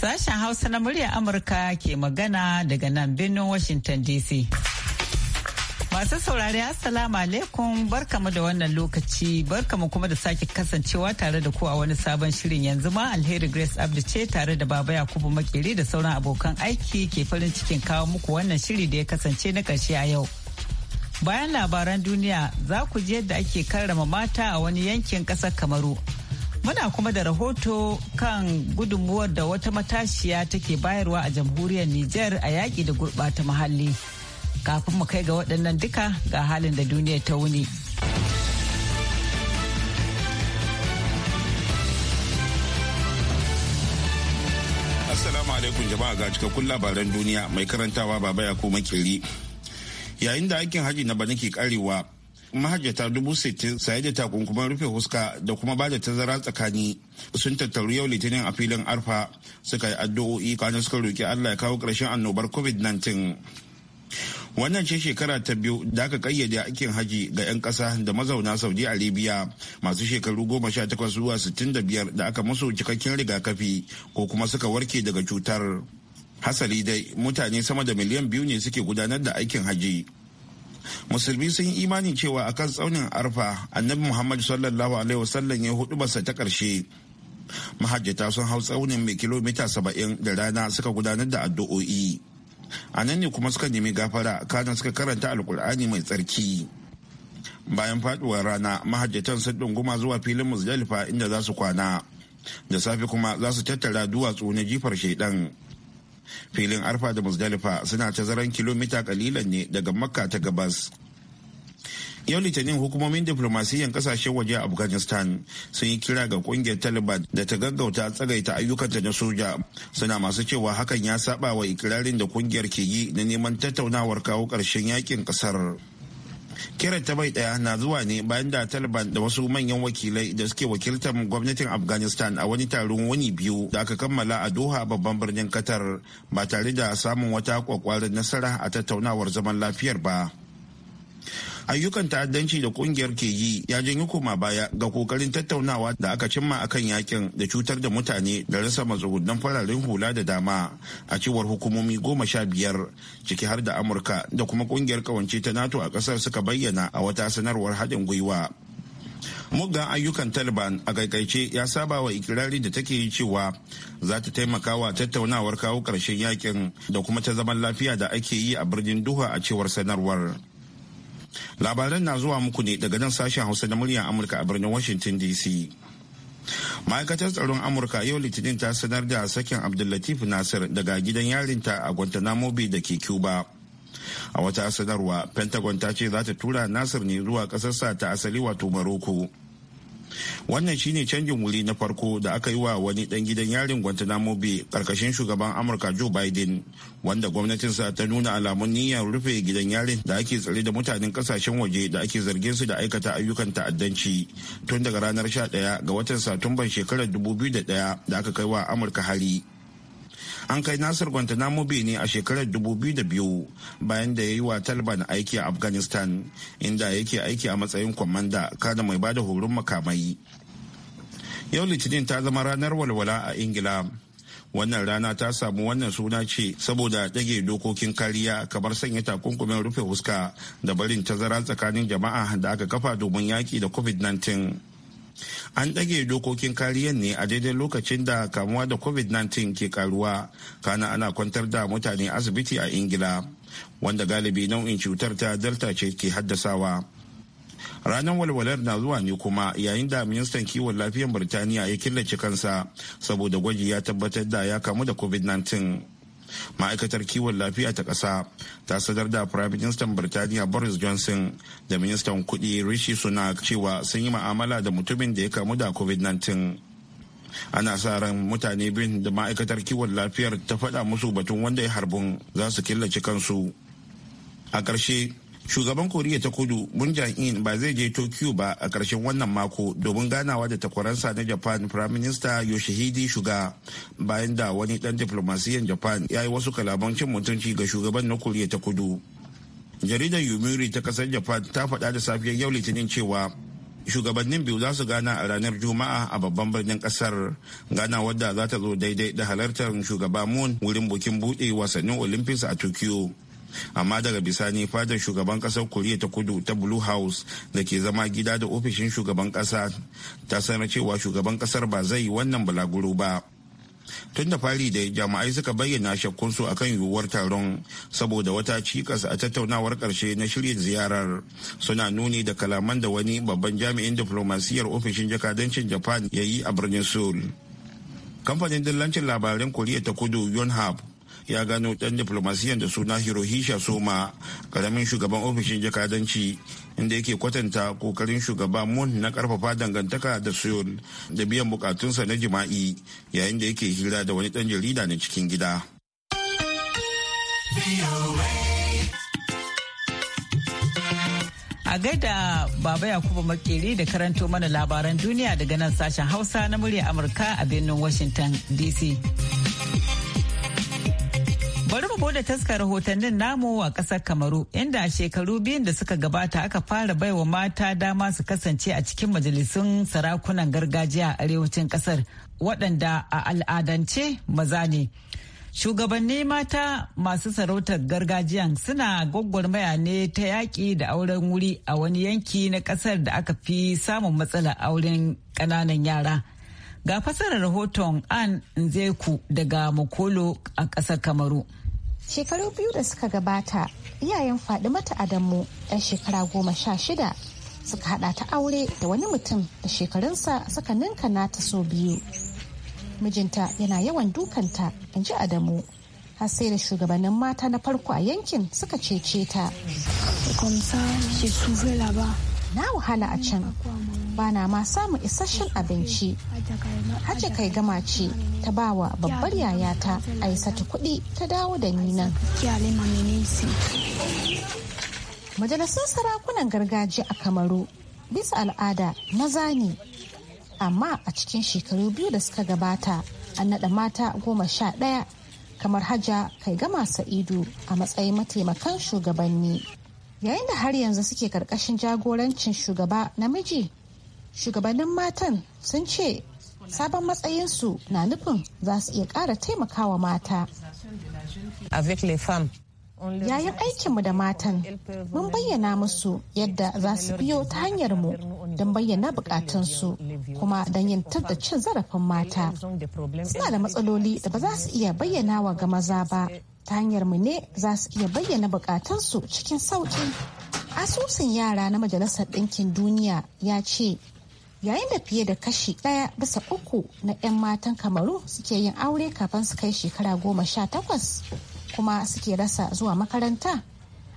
Sashen Hausa na muryar Amurka ke magana daga nan birnin Washington DC. Masu saurari Assalamu alaikum barkamu da wannan lokaci barkamu kuma da sake kasancewa tare da ku a wani sabon shirin yanzu ma alheri Grace Abdi ce tare da Baba Yakubu Makeri da sauran abokan aiki ke farin cikin kawo muku wannan shiri da ya kasance na ƙarshe a yau. Bayan labaran duniya za ku ji yadda ake karrama mata a wani yankin ƙasar Kamaru Muna kuma da rahoto kan gudunmuwar da wata matashiya take bayarwa a jamhuriyar Nijar a yaƙi da gurɓata muhalli. Kafin mu kai ga waɗannan duka ga halin da duniya ta wuni. Assalamu alaikum jama'a ga cikakkun labaran duniya mai karantawa baba ya koma kiri. Yayin da aikin haji na bana ke karewa mahajjata dubu sittin saye da takunkuman rufe huska da kuma ba da tazara tsakani sun tattaru yau litinin a filin arfa suka yi addu'o'i kwanan suka roki allah ya kawo ƙarshen annobar covid-19 wannan ce shekara ta biyu da aka kayyade aikin haji ga 'yan ƙasa da mazauna saudi arabia masu shekaru goma sha takwas zuwa sittin da biyar da aka musu cikakken rigakafi ko kuma suka warke daga cutar hasali dai mutane sama da miliyan biyu ne suke gudanar da aikin haji musulmi sun yi imani cewa a kan tsaunin arfa annabi muhammad sallallahu alaihi wasallam ya hudu basa ta karshe mahajjata sun hau tsaunin mai kilomita saba'in da rana suka gudanar da addu'o'i a nan ne kuma suka nemi gafara kana suka karanta alkur'ani mai tsarki bayan faduwar rana mahajjatan sun dunguma zuwa filin musdalifa inda za su kwana da safe kuma za su tattara duwatsu na jifar shaidan filin arfa da musdalifa suna ta tazaran kilomita kalilan ne daga makka ta gabas yau litinin hukumomin diflomasiyyar kasashen waje a afghanistan sun yi kira ga kungiyar taliban da ta gaggauta tsagaita ayyukanta na soja suna masu cewa hakan ya saba wa ikirarin da kungiyar ke yi na neman tattaunawar kawo ƙarshen yakin ƙasar kiran ta bai daya na zuwa ne bayan da taliban da wasu manyan wakilai da suke wakiltar gwamnatin afghanistan a wani taron wani biyu da aka kammala a doha babban birnin qatar ba tare da samun wata kwakwarin nasara a tattaunawar zaman lafiyar ba ayyukan ta'addanci da kungiyar ke yi ya janyi koma baya ga kokarin tattaunawa da aka cimma akan yakin da cutar da mutane da rasa matsugunan fararen hula da dama a cewar hukumomi goma sha biyar ciki har da amurka da kuma kungiyar kawance ta nato a kasar suka bayyana a wata sanarwar haɗin gwiwa muggan ayyukan taliban a kaikaice ya saba wa ikirari da take yi cewa za ta taimaka wa tattaunawar kawo ƙarshen yakin da kuma ta zaman lafiya da ake yi a birnin duha a cewar sanarwar labaran na zuwa muku ne daga nan sashen hausa na muryar amurka a birnin washington dc ma'aikatar tsaron amurka yau litinin ta sanar da sakin abdullatif nasir daga gidan yarinta a guantanamo bay da ke cuba a wata sanarwa pentagon ta ce za ta tura nasir ne zuwa ƙasarsa ta asali wato maroko wannan shine canjin wuri na farko da aka yi wa wani dan gidan yarin guantanamo bay karkashin shugaban amurka joe biden wanda gwamnatinsa ta nuna alamun niyyar rufe gidan yarin da ake tsare da mutanen kasashen waje da ake zargin su da aikata ayyukan ta'addanci tun daga ranar 11 ga watan satumban shekarar 2001 da aka kai wa amurka hari an kai nasir guantanamo bay ne a shekarar 2002 bayan da ya yi wa taliban aiki a afghanistan inda yake aiki a matsayin kwamanda kada mai bada horon makamai yau litinin ta zama ranar walwala a ingila wannan rana ta samu wannan suna ce saboda dage dokokin kariya kamar sanya takunkumin rufe huska da barin tazara tsakanin jama'a da aka kafa domin yaki da covid-19 an ɗage dokokin kariyar ne a daidai lokacin da kamuwa da covid-19 ke karuwa kana ana kwantar da mutane asibiti a ingila wanda galibi nau'in cutar ta delta ce ke haddasawa ranar walwalar na zuwa ne kuma yayin da ministan kiwon lafiyar birtaniya ya killace kansa saboda gwaji ya tabbatar da ya kamu da covid-19 ma'aikatar kiwon lafiya ta ƙasa ta sadar da prime minister birtaniya boris johnson da ministan kuɗi rishi sunak cewa sun yi ma'amala da mutumin da ya kamu da covid-19 ana sa ran mutane biyun da ma'aikatar kiwon lafiyar ta faɗa musu batun wanda ya harbun za su killace kansu a ƙarshe shugaban koriya ta kudu mun in ba zai je tokyo ba a karshen wannan mako domin ganawa da takwaransa na japan prime minister yoshihide shuga bayan da wani dan diplomasiyan japan ya yi wasu kalaban cin mutunci ga shugaban na koriya ta kudu jaridar yumiri ta kasar japan ta faɗa da safiyar yau litinin cewa shugabannin biyu za su gana a ranar juma'a a babban birnin kasar gana wadda za ta zo daidai da halartar shugaba moon wurin bukin buɗe wasannin olympics a tokyo amma daga bisani fadar shugaban kasar koriya ta kudu ta blue house da ke zama gida da ofishin shugaban kasa ta sanar cewa shugaban kasar ba zai yi wannan balaguro ba tun da fari da jama'ai suka bayyana shakkunsu kan yiwuwar taron saboda wata cikas a tattaunawar karshe na shirya ziyarar suna nuni da kalaman da wani babban jami'in diflomasiyyar ofishin jakadancin japan ya yi a birnin seoul kamfanin dillancin labaran koriya ta kudu yonhap ya gano dan diplomasiyan da suna hirohisha soma karamin shugaban ofishin jakadanci inda yake kwatanta kokarin shugaba mun na karfafa dangantaka da seoul da biyan bukatunsa na jima'i yayin da yake hira da wani dan jarida na cikin gida a gaida baba yakubu makeri da karanto mana labaran duniya daga nan sashen hausa na murya amurka a birnin washington dc da taskar rahotannin namu a ƙasar Kamaru inda a shekaru biyun da suka gabata aka fara baiwa mata dama su kasance a cikin majalisun sarakunan gargajiya a arewacin ƙasar waɗanda a al'adance maza ne. Shugabanni mata masu sarautar gargajiyan suna gwagwarmaya ne ta yaƙi da auren wuri a wani yanki na ƙasar da aka fi samun matsalar auren ƙananan yara. ga fasarar rahoton an nzeku daga makolo a ƙasar kamaru shekaru biyu da suka gabata iyayen mata adamu yan shekara goma sha shida suka hada ta aure da wani mutum da shekarunsa suka ninka nata so biyu mijinta yana yawan dukanta in ji adamu har sai da shugabannin mata na farko a yankin suka cece ta na wahala a can bana ma samun isasshen abinci hajja kai gama ce ta ba wa babbar yayata aisata kuɗi ta dawo da ni nan majalisun sarakunan gargajiya a kamaru bisa al'ada maza ne amma a cikin shekaru biyu da suka gabata an naɗa mata goma sha ɗaya kamar hajja kai gama sa'idu a matsayin mataimakan shugabanni yayin da har yanzu suke karkashin jagorancin shugaba namiji shugabannin matan sun ce sabon matsayinsu na nufin za su iya ƙara taimakawa mata yayin aikinmu da matan mun bayyana musu yadda za su biyo ta hanyarmu don bayyana bukatunsu kuma don yin da cin zarafin mata suna da matsaloli da ba za su iya bayyana wa ga maza ba ta hanyarmu ne za su iya bayyana bukatunsu cikin sauƙi asusun yara na majalisar ɗinkin duniya ya ce yayin da fiye da kashi ɗaya bisa uku na 'yan matan kamaru suke yin aure kafin su kai shekara goma sha takwas kuma suke rasa zuwa makaranta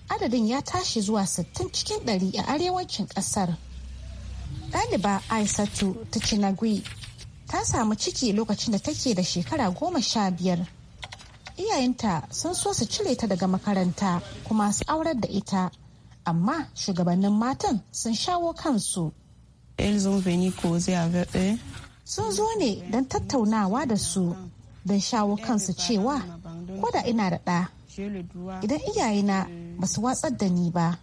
adadin ya tashi zuwa sittin cikin 100 a arewacin ƙasar ɗaliba aisatu ta cinagui ta samu ciki lokacin da take da shekara goma sha biyar iyayenta sun so su cire ta daga makaranta kuma su aurar da ita amma shugabannin matan sun shawo kansu Elles Sun zo ne don tattaunawa da su don shawo kansu cewa ko da ina da ɗa idan iyayena ba su watsar da ni ba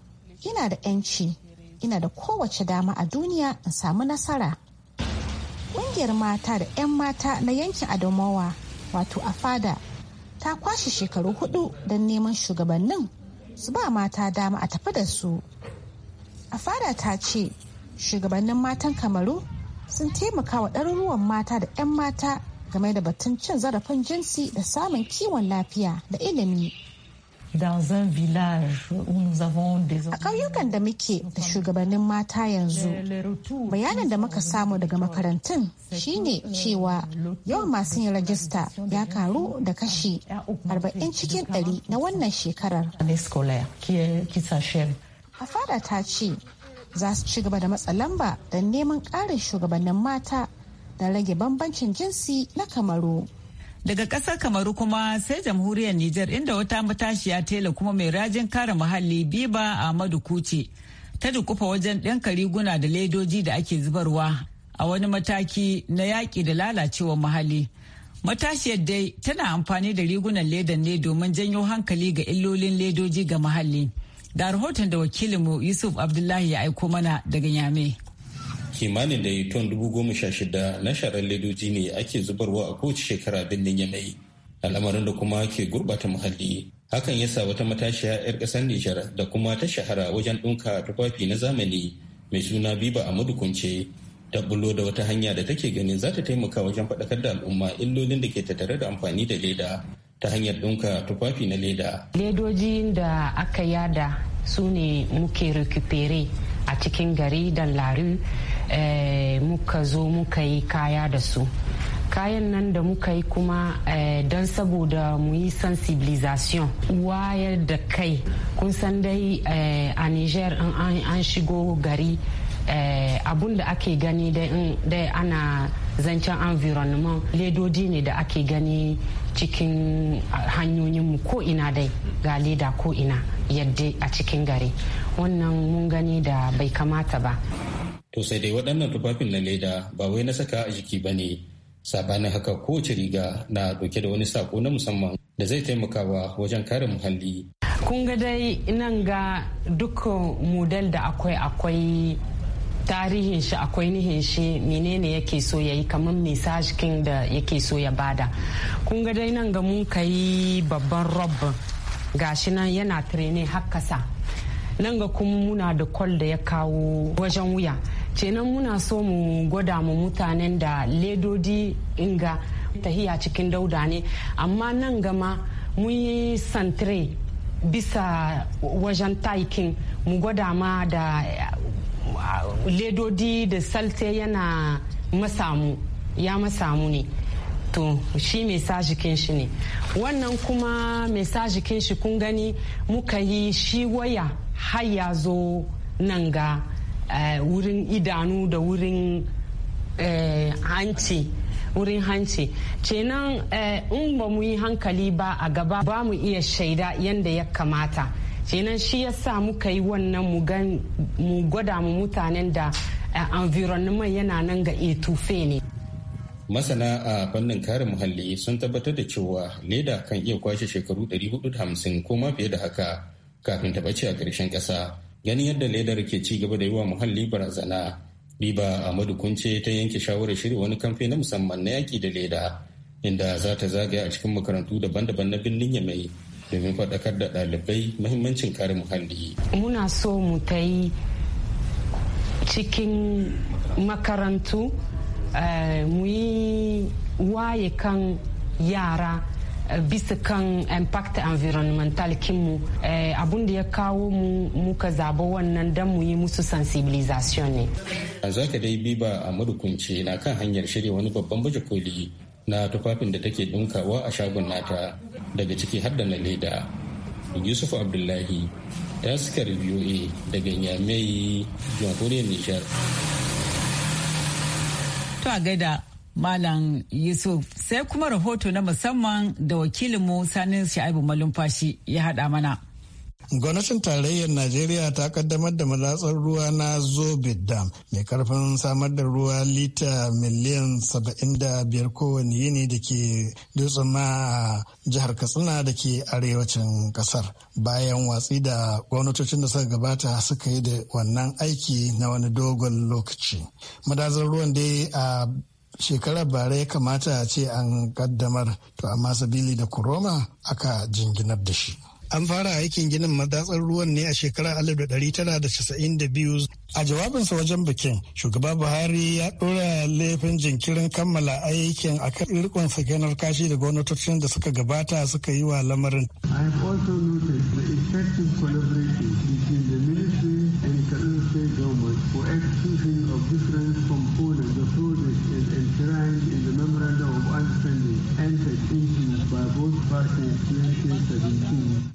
ina da 'yanci ina da kowace dama a duniya in samu nasara. Ƙungiyar mata da 'yan mata na yankin Adamawa wato a fada ta kwashe shekaru hudu don neman shugabannin su ba mata dama a tafi da su. A fada ta ce shugabannin matan kamaru sun taimaka wa ɗaruruwan mata da 'yan mata game da batun cin zarafin jinsi da samun kiwon lafiya da ilimi a ƙauyukan da muke da shugabannin mata yanzu bayanin da muka samu daga makarantun shine euh, cewa yawan masu yin rajista ya karu da kashi 40 cikin 100 na wannan shekarar a fada ta ce za su ci gaba da matsa lamba don neman ƙarin shugabannin mata da rage bambancin jinsi na kamaru. Daga ƙasar Kamaru kuma sai jamhuriyar Nijar inda wata matashiya tela kuma mai rajin kare muhalli Biba Ahmadu Kuce ta dukufa wajen ɗinka riguna da ledoji da ake zubarwa a wani mataki na yaƙi da lalacewar muhalli. Matashiyar dai tana amfani da rigunan ledan ne domin janyo hankali ga illolin ledoji ga muhalli. da rahoton da wakilinmu Yusuf Abdullahi ya aiko mana daga Yame. Kimanin da ton dubu goma sha shida na sharar ledoji ne ake zubarwa a kowace shekara birnin Yamai. Al'amarin da kuma ke gurbata muhalli. Hakan ya sa wata matashiya 'yar ƙasar Nijar da kuma ta shahara wajen ɗinka tufafi na zamani mai suna Biba a mudukunce ta bullo da wata hanya da take ganin za ta taimaka wajen faɗakar da al'umma illolin da ke tattare da amfani da leda ta hanyar ɗinka tufafi na leda. ledoji da aka yada su ne muke recupere a cikin gari da lari eh, muka zo muka yi kaya da su. kayan nan da muka yi kuma eh, don saboda mu yi sensibilisation wayar da kai kun san dai eh, a niger an shigo gari abun da ake gani dai ana zancen environment ledoji ne da ake gani cikin ah, hanyoyinmu ko ina dai ga leda ko ina yadda a cikin gari wannan mun gani da bai kamata ba to sai dai waɗannan tufafin na leda ba wai na saka a jiki ba ne sabanin haka kowace riga na ɗauke da wani sako na musamman da zai taimakawa wajen kare muhalli kun ga dai nan ga duk model da akwai akwai tarihin shi akwai nihin shi menene yake so ya yi kamar misaj kin da yake so ya bada kun ga dai nan ga mun kai babban rob gashi nan yana training hakkasa nan ga kuma muna da kwal da ya kawo wajen wuya kenan muna so mu gwada mu mutanen da ledodi inga tahiya cikin dauda ne amma nan gama mun yi santire bisa wajen taikin mu gwada ma da ledodi da salte yana masamu ya masamu ne to shi mesajikin shi ne wannan kuma mesajikin shi kun gani muka yi shi waya har ya zo nan ga eh, wurin idanu da wurin eh, hanci wurin hanci kenan eh, in ba mu yi hankali ba a gaba ba mu iya shaida yadda ya kamata kenan shi ya sa muka yi wannan mu gwada mu mutanen da eh, environment yana nan ga etufe ne masana a fannin kare muhalli sun tabbatar da cewa leda kan iya kwashe shekaru 450 ko ma fiye da haka kafin ta bace a ƙarshen ƙasa ganin yadda ledar ke ci gaba da yi wa muhalli barazana riba amadu madukunce ta yanke shawarar shirya wani kamfe na musamman na yaki da leda inda za ta zagaya a cikin makarantu daban-daban na birnin yamai domin faɗakar da ɗalibai mahimmancin kare muhalli. Muna so mu ta yi cikin makarantu eh, mu yi waye kan yara eh, bisa kan impact environmental kinmu eh, abun da ya kawo mu muka zaba wannan don mu yi musu sensibilisation ne. A zaka dai biba a madukunci na kan hanyar shirya wani babban baje koli na tufafin da take dunkawa a shagon nata daga ciki har da na leda yusuf abdullahi ya suka voa daga nyamai jamhuriyar nijar to a gaida malam yusuf sai kuma rahoto na musamman da wakilinmu sanin sha'ibu malumfashi ya hada mana Gwamnatin tarayyar Najeriya ta kaddamar da madatsar ruwa na Zobit Dam mai karfin samar da ruwa lita miliyan 75 kowane yini da ke dutsen ma jihar Katsina da ke arewacin kasar. Bayan watsi da gwamnatocin da suka gabata suka yi da wannan aiki na wani dogon lokaci. madazar ruwan dai a shekarar bara ya kamata a ce an kaddamar to amma sabili da koroma aka jinginar da shi. An fara aikin ginin madatsar ruwan ne a shekarar biyu. A jawabinsa wajen bikin, shugaba Buhari ya ɗora laifin jinkirin kammala aikin a kan rikon sakenar kashi da gwamnatocin da suka gabata suka yi wa lamarin. I for execution of different components of projects and enshrined in the memorandum of understanding entered into by both parties in 2017.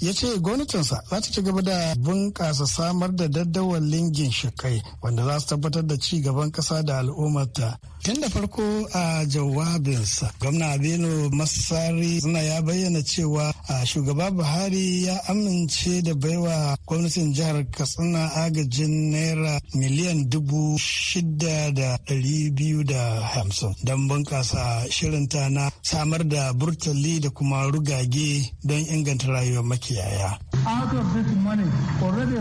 ya ce gwamnatinsa za ta ci gaba da bunƙasa samar da daddawalin ginshikai wanda za su tabbatar da ci gaban ƙasa da al'ummarta tun da farko a jawabinsa gwamna abinu masari suna ya bayyana cewa a shugaba buhari ya amince da baiwa gwamnatin jihar katsina agajin naira miliyan dubu shida da ɗari biyu da hamsin don bunƙasa shirinta na samar da burtali da kuma rugage don inganta rayuwar makiyaya. Out of this money, already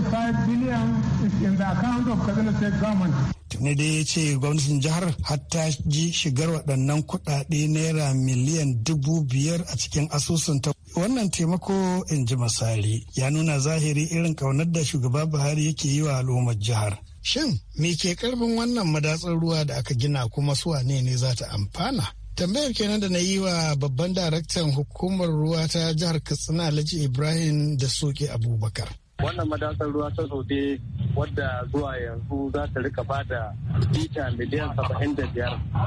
billion is in the of Kaduna State government. dai ya ce gwamnatin jihar hatta ji shigar waɗannan kuɗaɗe naira miliyan dubu biyar a cikin asusunta. Wannan taimako in ji masari. ya nuna zahiri irin ƙaunar da shugaba Buhari yake yi wa al'ummar jihar. Shin me ke karfin wannan madatsar ruwa da aka gina kuma su ne ne za ta amfana? tambayar kenan da na yi wa babban daraktan hukumar ruwa ta jihar katsina alhaji ibrahim da soke abubakar wannan madatsar ruwa ta zobe wadda zuwa yanzu za ta rika ba da lita miliyan saba'in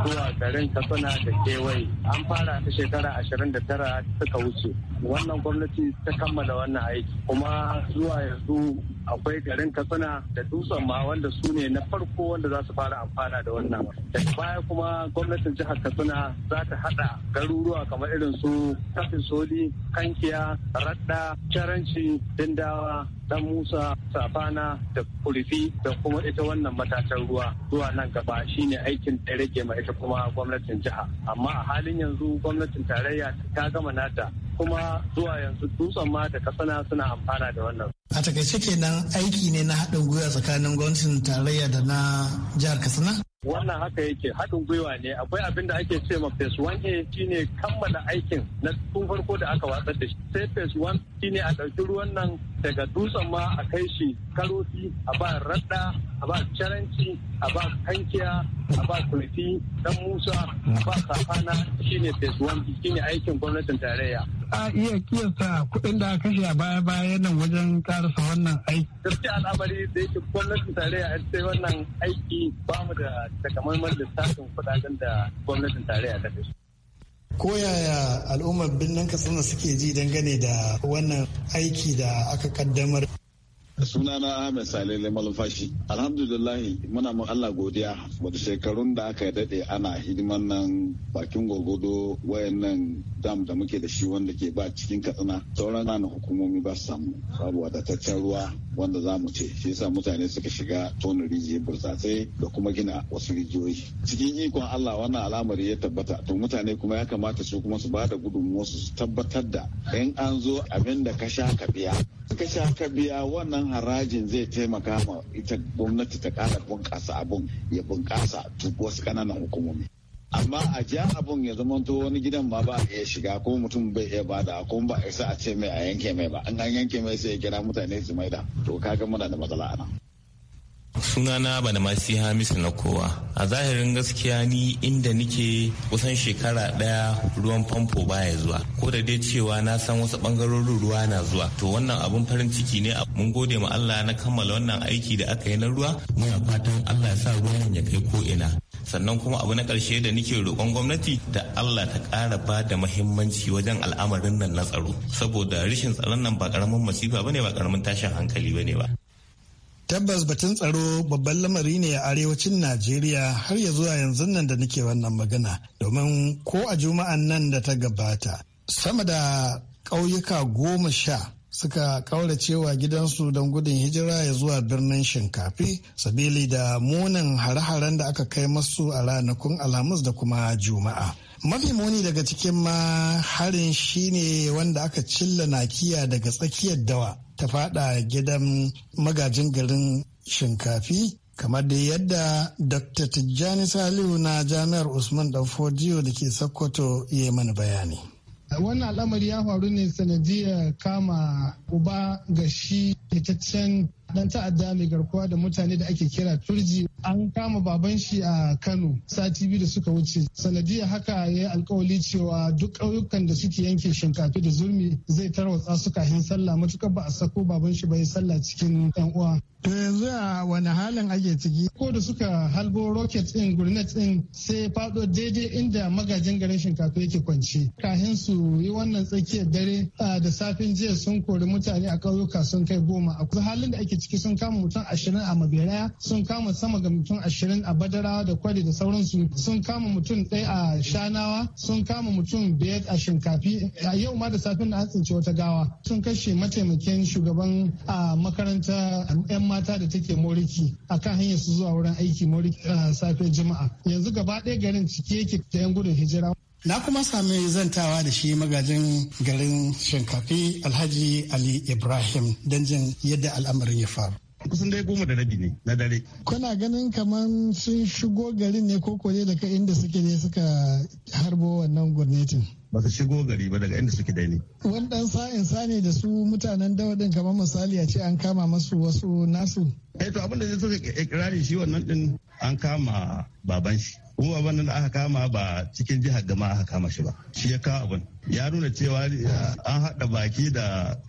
zuwa garin katsina da kewaye an fara ta shekara ashirin da tara suka wuce wannan gwamnati ta kammala wannan aiki kuma zuwa yanzu akwai garin katsina da dusan ma wanda su ne na farko wanda za su fara amfana da wannan daga baya kuma gwamnatin jihar katsina za ta hada garuruwa kamar irin su kafin soli kankiya radda caranci dindawa dan musa safana da kurifi da kuma ita wannan matatan ruwa zuwa nan gaba shine aikin da rage ma ita kuma gwamnatin jiha amma a halin yanzu gwamnatin tarayya ta gama nata kuma zuwa yanzu dutsen ma da kasana suna amfana da wannan A takaice kenan aiki ne na haɗin gwiwa tsakanin gwamnatin tarayya da na jihar Katsina? Wannan haka yake haɗin gwiwa ne akwai abin da ake ce ma phase 1A shine kammala aikin na tun farko da aka watsar da shi. Sai phase 1 shine a ɗauki ruwan nan daga dutsen ma a kai shi karofi a ba radda a ba caranci a ba kankiya a ba kulfi dan musa a ba safana shine phase 1 shine aikin gwamnatin tarayya. A iya kiyasta kuɗin da aka kashe a baya baya nan wajen karasa wannan aiki. Gaskiya al'amari da yake gwamnatin tarayya an sai wannan aiki ba mu da takamaiman lissafin kudaden da gwamnatin tarayya ta kashe. Ko yaya al'ummar birnin Katsina suke ji dangane da wannan aiki da aka kaddamar sunana ahmed salele Alhamdu lillahi muna mu allah godiya wata shekarun da aka daɗe ana hidiman nan bakin gogodo wayannan dam da muke da shi wanda ke ba cikin katsina sauran na hukumomi ba samu babu wadataccen ruwa wanda za mu ce shi yasa mutane suka shiga tona rijiyar burtsatsai da kuma gina wasu rijiyoyi cikin ikon allah wannan al'amari ya tabbata to mutane kuma ya kamata su kuma su ba da su tabbatar da in an zo abin da ka sha ka biya suka sha ka biya wannan harajin zai taimaka ma ita gwamnati ta kara bunƙasa abun ya bunƙasa wasu ƙananan hukumomi amma a ja abun ya zama to wani gidan ma ba a iya shiga ko mutum bai iya bada ko ba a isa a ce mai a yanke mai ba an yanke mai sai ya kira mutane su maida to kaga muna da matsala anan sunana ba da masu hamisu na kowa a zahirin gaskiya ni inda nike kusan shekara daya ruwan famfo baya zuwa ko da dai cewa na san wasu bangarorin ruwa na zuwa to wannan abun farin ciki ne mun gode ma Allah na kammala wannan aiki da aka yi na ruwa muna fatan Allah ya sa ruwan ya kai ko ina sannan kuma abu na karshe da nike roƙon gwamnati da Allah ta ƙara ba da mahimmanci wajen al'amarin nan na tsaro saboda rashin tsaron nan ba ƙaramin masifa bane ba ƙaramin tashin hankali bane ba Tabbas batun tsaro babban lamari ne a arewacin Najeriya har ya zuwa yanzu nan da nake wannan magana domin ko a juma'an nan da ta gabata sama da ƙauyuka goma sha suka ƙaura cewa gidansu don gudun hijira ya zuwa birnin shinkafi sabili da munin hare-haren da aka kai masu a ranakun alhamis da kuma juma'a. mafi muni daga cikin ma harin shine wanda aka cilla nakiya daga tsakiyar dawa ta fada gidan magajin garin shinkafi kamar da yadda dr tijjani Saliu na jami'ar usman danfodiyo da ke sokoto ya mana bayani wannan al'amari ya faru ne sanadiyar kama uba ga shi fitaccen dan ta'adda mai garkuwa da mutane da ake kira turji an kama baban shi a kano sati biyu da suka wuce sanadiya haka ya yi alkawali cewa duk ƙauyukan da suke yanke shinkafi da zurmi zai tarwatsa su kafin sallah matukar ba a sako baban shi ba ya sallah cikin yan uwa yanzu a wani halin ake ciki ko da suka halbo rocket din gurnet din sai fado daidai inda magajin garin shinkafa yake kwanci kahin su yi wannan tsakiyar dare da safin jiya sun kori mutane a ƙauyuka sun kai goma a kusa halin da ake ciki sun kama mutum ashirin a mabiraya sun kama sama ga mutum ashirin a badarawa da kwari da sauransu sun kama mutum ɗaya a shanawa sun kama mutum biyar a shinkafi a yau ma da safin da an tsinci wata gawa sun kashe mataimakin shugaban a makaranta 'yan mata da da take moriki kan hanyar su zuwa wurin aiki moriki safe juma'a yanzu gaba ɗaya garin cike yake ta yan gudun hijira Na kuma sami zantawa da shi magajin garin shinkafi Alhaji Ali Ibrahim don jin yadda al'amarin ya faru. kusan dai goma da rabi ne na dare. Kuna ganin kamar sun shigo garin ne ko kore daga inda suke ne suka harbo wannan gwamnatin? ba su shigo gari ba daga inda suke dai ne. Wani ɗan sa'in sa ne da su mutanen dawadin kamar misali a ce an kama masu wasu nasu. eh to abin da zai suka ikirari shi wannan din an kama baban shi kuma baban nan da aka kama ba cikin jihar gama aka kama shi ba shi ya kawo abin ya nuna cewa eh, an haɗa baki da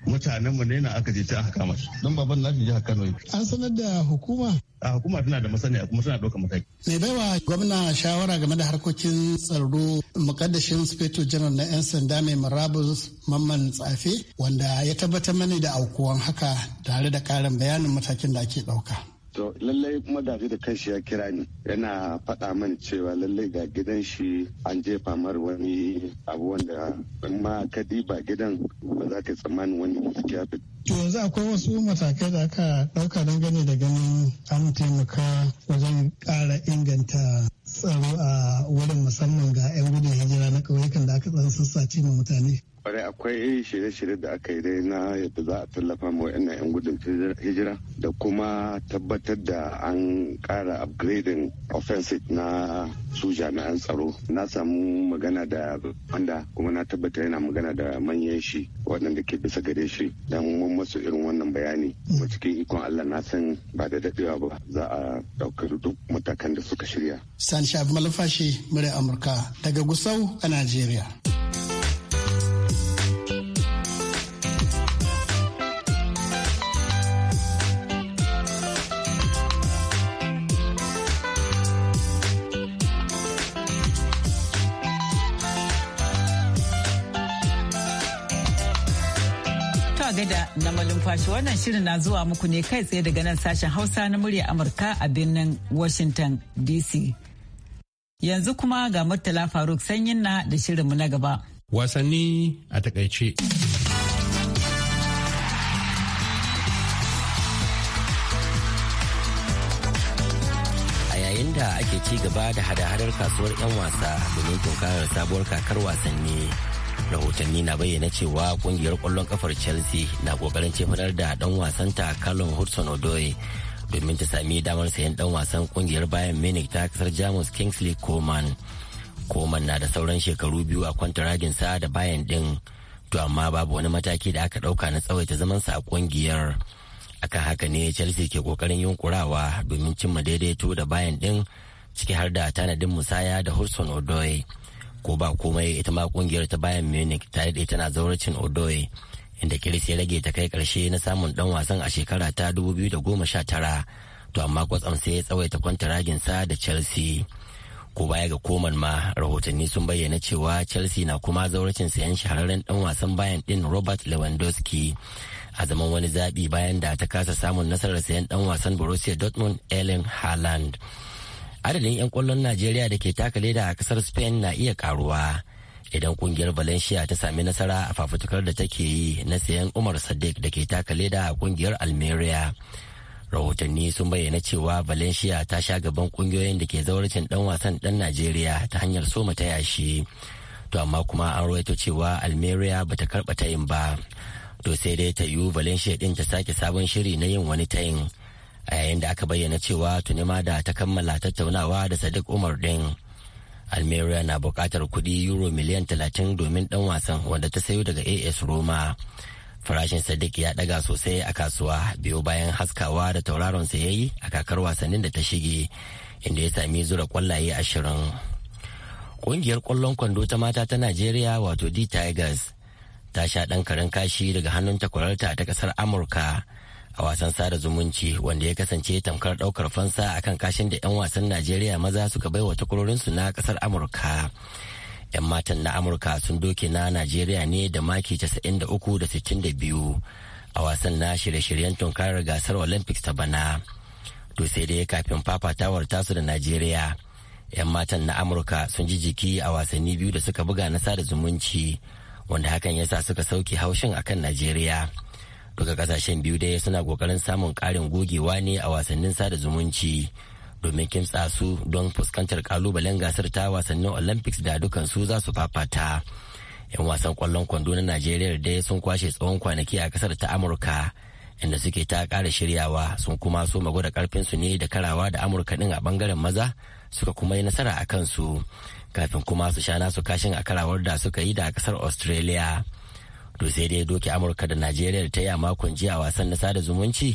mutanen mu ne na aka je aka kama shi don baban na jihar Kano an sanar da hukuma a hukuma tana da masaniya kuma suna ɗaukar mataki mai baiwa gwamna shawara game da harkokin tsaro mukaddashin speto janar na yan sanda mai marabus mamman tsafe wanda ya tabbatar mani da aukuwan haka tare da karin bayanin matakin da ake ɗauka ɗauka. To lallai kuma da da kanshi ya kira ni yana faɗa mani cewa lallai ga gidan shi an jefa mar wani abu wanda in ma ka ba gidan ba za ka tsammani wani gaskiya To yanzu akwai wasu matakai da aka ɗauka don gani da ganin an taimaka wajen ƙara inganta tsaro a wurin musamman ga 'yan gudun hijira na ƙauyukan da aka tsan sassace ma mutane. kwarai akwai shirye-shirye da aka yi dai na yadda za a tallafa ma wa'annan 'yan gudun hijira da kuma tabbatar da an kara upgrading offensive na su jami'an tsaro na samu magana da wanda kuma na tabbatar yana magana da manyan shi waɗanda ke bisa gare shi don mun masu irin wannan bayani kuma cikin ikon Allah na san ba da daɗewa ba za a ɗaukar duk matakan da suka shirya. Sani Shabi Malafashi, murya Amurka daga Gusau a Najeriya. na malumfashi wannan shirin na zuwa muku ne kai tsaye daga nan sashen hausa na murya amurka a birnin washington dc yanzu kuma ga murtala faruk sanyin na da shirinmu na gaba wasanni a takaice ake ci gaba da hada-hadar kasuwar 'yan wasa domin tunkarar sabuwar kakar wasanni rahotanni na bayyana cewa kungiyar kwallon kafar chelsea na kokarin cefanar da dan wasanta carlon hudson odoi domin ta sami damar sayan dan wasan kungiyar bayan munich ta kasar jamus kingsley coman coman na da sauran shekaru biyu a sa da bayan din to amma babu wani mataki da aka dauka na tsawaita sa a kungiyar akan haka ne chelsea ke kokarin yunkurawa domin cimma daidaito da bayan din ciki har da tanadin musaya da hudson odoi ko ba komai ita ma kungiyar ta bayan munich ta daɗe tana zauracin Odoi, inda kiris ya rage ta kai karshe na samun dan wasan a shekara ta 2019 to amma kwatsam sai ya tsawaita kwantaraginsa da chelsea ko baya ga koman ma rahotanni sun bayyana cewa chelsea na kuma zauracin sayan shahararren dan wasan bayan ɗin robert lewandowski a zaman wani zaɓi bayan da ta kasa samun nasarar sayan dan wasan borussia dortmund ellen haaland adadin 'yan kwallon najeriya da ke taka leda a kasar spain na iya karuwa idan kungiyar valencia ta sami nasara a fafutukar da take yi na sayan umar sadiq da ke taka leda a kungiyar almeria rahotanni sun bayyana cewa valencia ta sha gaban kungiyoyin da ke zawarcin dan wasan dan najeriya ta hanyar soma ta yashi to amma kuma an rawaito cewa almeria bata karba tayin ba to sai dai ta yiwu valencia din ta sake sabon shiri na yin wani tayin a yayin da aka bayyana cewa tuni da ta kammala tattaunawa da sadiq umar din almeria na buƙatar kuɗi euro miliyan 30 domin ɗan wasan wanda ta sayo daga as roma farashin sadiq ya ɗaga sosai a kasuwa biyo bayan haskawa da tauraron sa yayi a kakar wasannin da ta shige inda ya sami zura kwallaye ashirin ƙungiyar ƙwallon kwando ta mata ta najeriya wato d tigers ta sha ɗan karin kashi daga hannun takwararta ta ƙasar amurka a wasan sada zumunci wanda ya kasance tamkar daukar fansa akan kashin da 'yan wasan najeriya maza suka bai wa takwarorinsu na kasar amurka 'yan matan na amurka sun doke na najeriya ne da maki 93 da 62 a wasan na shirye-shiryen tunkarar gasar olympics ta bana to sai dai kafin fafatawar tasu da najeriya 'yan matan na amurka sun ji jiki a wasanni biyu da suka buga na sada zumunci wanda hakan ya sa suka sauke haushin akan najeriya duka kasashen biyu dai suna kokarin samun karin gogewa ne a wasannin sada zumunci domin kimtsa su don fuskantar kalubalen gasar ta wasannin olympics da dukansu za su fafata yan wasan kwallon kwando na najeriya daya sun kwashe tsawon kwanaki a kasar ta amurka inda suke ta kara shiryawa sun kuma so mago da su ne da karawa da amurka din a bangaren maza suka kuma yi nasara a kansu kafin kuma su sha nasu kashin a karawar da suka yi da kasar australia to sai dai doke amurka da najeriya da ta yi a makon jiya wasan na sada zumunci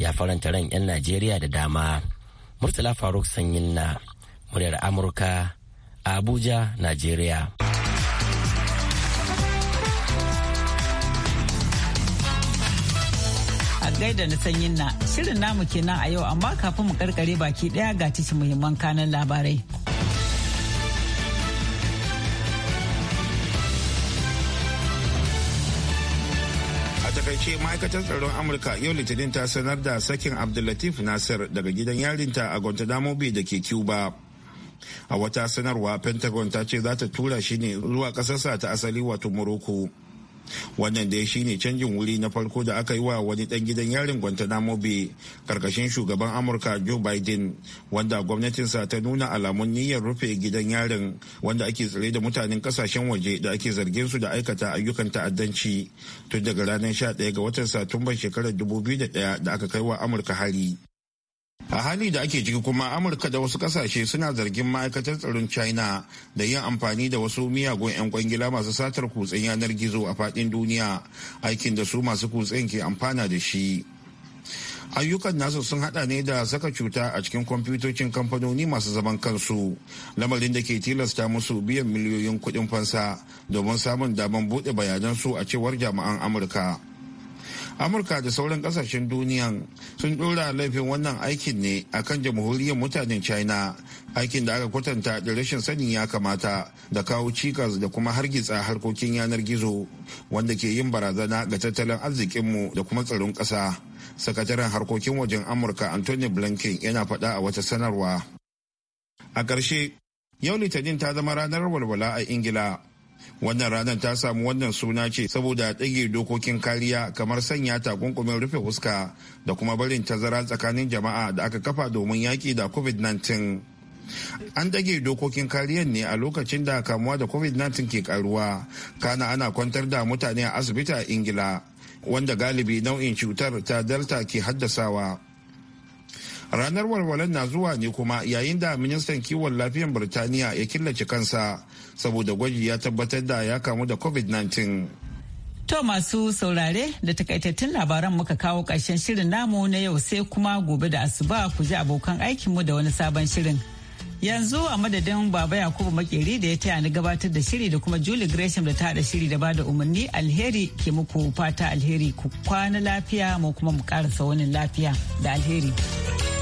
ya faranta ran 'yan najeriya da dama murtala faruk sanyin na muryar amurka a abuja najeriya a gaida na sanyin na shirin namu kenan a yau amma kafin mu karkare baki daya ga cikin muhimman kanan labarai takaice ma'aikatar tsaron amurka yau litinin ta sanar da sakin abdullatif nasir daga gidan yarinta a guantanamo bay da ke cuba a wata sanarwa pentagon ta ce za ta tura shi ne zuwa ƙasarsa ta asali wato morocco wannan dai shine canjin wuri na farko da aka yi wa wani dan gidan yarin guantanamo bay karkashin shugaban amurka joe biden wanda gwamnatinsa ta nuna alamun niyyar rufe gidan yarin wanda ake tsare da mutanen kasashen waje da ake zargin su da aikata ayyukan ta'addanci tun daga ranar 11 ga watan satumban shekarar 2001 da aka kai wa amurka hari a hali da ake ciki kuma amurka da wasu kasashe suna zargin ma'aikatar tsaron china da yin amfani da wasu miyagun 'yan kwangila masu satar kutsen yanar gizo a fadin duniya aikin da su masu kutsen ke amfana da shi ayyukan nasu sun hada ne da saka cuta a cikin kwamfutocin kamfanoni masu zaman kansu lamarin da ke tilasta musu biyan miliyoyin kuɗin fansa domin samun damar buɗe bayanansu a cewar jami'an amurka amurka da sauran kasashen duniya sun dora laifin wannan aikin ne akan jamhuriyar mutanen china aikin da aka kwatanta da rashin sanin ya kamata da kawo cikas da kuma hargitsa harkokin yanar gizo wanda ke yin barazana ga tattalin arzikinmu da kuma tsaron ƙasa sakataren harkokin wajen amurka anthony blinken yana faɗa a wata sanarwa a ƙarshe yau litinin ta zama ranar walwala a ingila wannan ranar ta samu wannan suna ce saboda ɗage dokokin kariya kamar sanya takunkumin rufe fuska da kuma barin tazara tsakanin jama'a da aka kafa domin yaki da covid-19 an ɗage dokokin kariyar ne a lokacin da kamuwa da covid-19 ke karuwa kana ana kwantar da mutane a asibiti a ingila wanda galibi nau'in cutar ta delta ke haddasawa ranar walwalar na zuwa ne kuma yayin da ministan kiwon lafiyan birtaniya ya killace kansa saboda gwaji ya tabbatar da ya kamu da covid-19 To masu saurare da takaitattun labaran muka kawo ƙarshen shirin namu na yau sai kuma gobe da asuba ku ji abokan aikinmu da wani sabon shirin. Yanzu a madadin Baba Yakubu Makeri da ya taya ni gabatar da shiri da kuma Julie Gresham da ta hada shiri da bada umarni alheri ke muku fata alheri ku kwana lafiya mu kuma mu karasa wani lafiya da alheri.